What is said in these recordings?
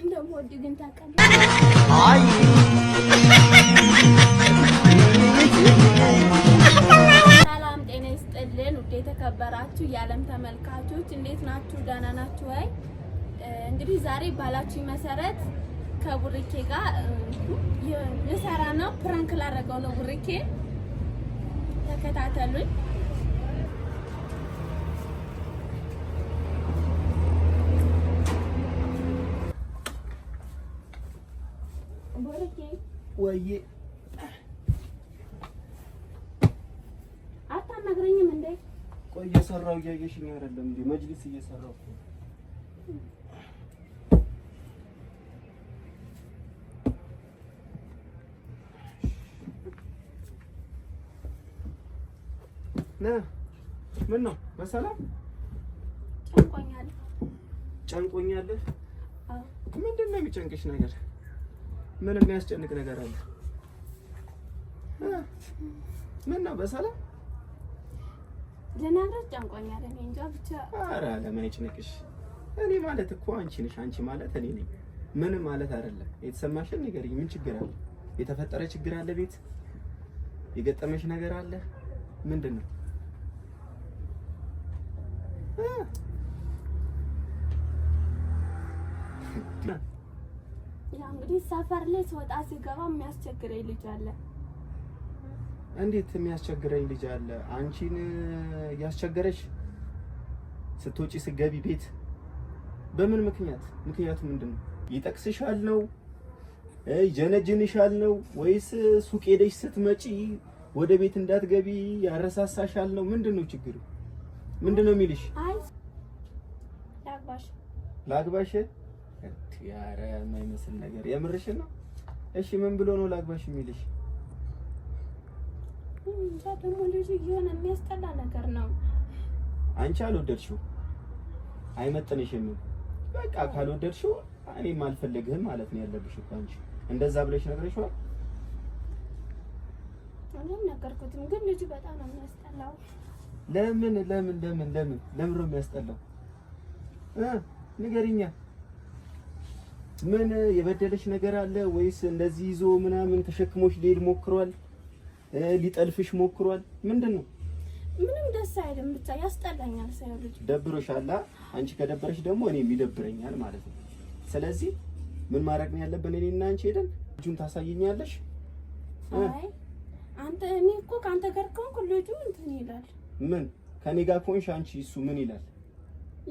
እንደምወድ ግን ታውቃለህ። ሰላም ጤና ይስጥልን። ውድ የተከበራችሁ የዓለም ተመልካቾች እንዴት ናችሁ? ደህና ናችሁ ወይ? እንግዲህ ዛሬ ባላችሁ መሰረት ከቡርኬ ጋር ልሰራ ነው። ፕራንክ ላደረገው ነው ቡርኬ። ተከታተሉኝ። ወይዬ አታናግረኝም እንዴ? ቆይ እየሰራሁ እያየሽኝ አይደለም እንዴ? መጅሊስ እየሰራሁ ምን ነው በሰላም ጨንቆኛል። ጨንቆኛል? ምንድን ነው የሚጨንቅሽ ነገር? ምን የሚያስጨንቅ ነገር አለ? ምን ነው? በሰላም ለናግራት ጫንቆኛል። እኔ እንጃ ብቻ። ኧረ ለምን ይጭንቅሽ? እኔ ማለት እኮ አንቺ ነሽ፣ አንቺ ማለት እኔ ነኝ። ምንም ማለት አይደለም። የተሰማሽን ንገሪኝ። ምን ችግር አለ? የተፈጠረ ችግር አለ? ቤት የገጠመሽ ነገር አለ? ምንድን ነው? እንግዲህ ሰፈር ላይ ስወጣ ስገባ የሚያስቸግረኝ ልጅ አለ። እንዴት የሚያስቸግረኝ ልጅ አለ? አንቺን ያስቸገረሽ? ስትወጪ ስገቢ ቤት በምን ምክንያት? ምክንያቱ ምንድን ነው? ይጠቅስሻል ነው? ይጀነጅንሻል ነው? ወይስ ሱቅ ሄደሽ ስትመጪ ወደ ቤት እንዳትገቢ ያረሳሳሻል ነው? ምንድን ነው ችግሩ? ምንድን ነው የሚልሽ? አይ ላግባሽ ላግባሽ ኧረ የማይመስል ነገር የምርሽን ነው? እሺ ምን ብሎ ነው ላግባሽ የሚልሽ? እንጃ ደግሞ ልጁ የሆነ የሚያስጠላ ነገር ነው። አንቺ አልወደድሽው፣ አይመጥንሽም። በቃ ካልወደድሽው እኔም አልፈልግህም ማለት ነው ያለብሽ እኮ አንቺ። እንደዛ ብለሽ ነግረሽዋል? እኔም ነገርኩትም፣ ግን ልጁ በጣም ነው የሚያስጠላው። ለምን ለምን ለምን ለምን ለምን ነው የሚያስጠላው? ንገሪኛ ምን የበደለሽ ነገር አለ ወይስ እንደዚህ ይዞ ምናምን ተሸክሞሽ ሊሄድ ሞክሯል? ሊጠልፍሽ ሞክሯል? ምንድን ነው? ምንም ደስ አይልም። ብቻ ያስጠላኛል። ሰው ልጅ ደብሮሻል። አንቺ ከደበረሽ ደግሞ እኔም ይደብረኛል ማለት ነው። ስለዚህ ምን ማድረግ ነው ያለብን? እኔ እና አንቺ ሄደን ልጁን ታሳይኛለሽ። አይ አንተ እኔ እኮ ከአንተ ጋር ከሆንኩ ልጁ እንትን ይላል። ምን ከኔ ጋር ከሆንሽ አንቺ እሱ ምን ይላል?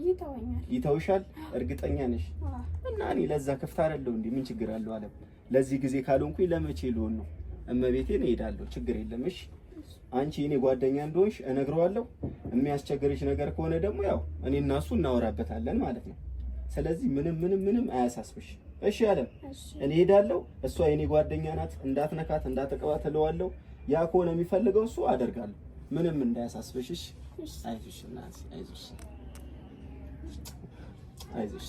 ይተወኛል። ይተውሻል? እርግጠኛ ነሽ? እና እኔ ለዛ ክፍት አይደለሁ እንዴ? ምን ችግር አለው? አለም ለዚህ ጊዜ ካልሆንኩኝ ለመቼ ልሆን ነው? ነው፣ እሄዳለሁ፣ ችግር የለም። እሺ አንቺ እኔ ጓደኛ እንደሆንሽ እነግረዋለሁ። የሚያስቸግርሽ ነገር ከሆነ ደግሞ ያው እኔ እና እሱ እናወራበታለን ማለት ነው። ስለዚህ ምንም ምንም ምንም አያሳስብሽ። እሺ አለም እኔ ሄዳለሁ። እሷ የኔ ጓደኛ ናት፣ እንዳትነካት እንዳትቀባት እለዋለሁ። ያ ከሆነ የሚፈልገው እሱ አደርጋለሁ። ምንም እንዳያሳስብሽ። አይዞሽ እናቴ አይዞሽ። አይዞሽ፣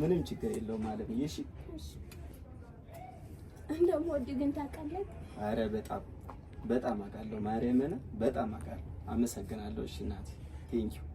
ምንም ችግር የለውም ማለት ነው። እሺ ግን ታውቃለህ። አረ በጣም በጣም አውቃለሁ። ማርያምን በጣም አውቃለሁ። አመሰግናለሁ። እሺ እናቴ ቴንኪው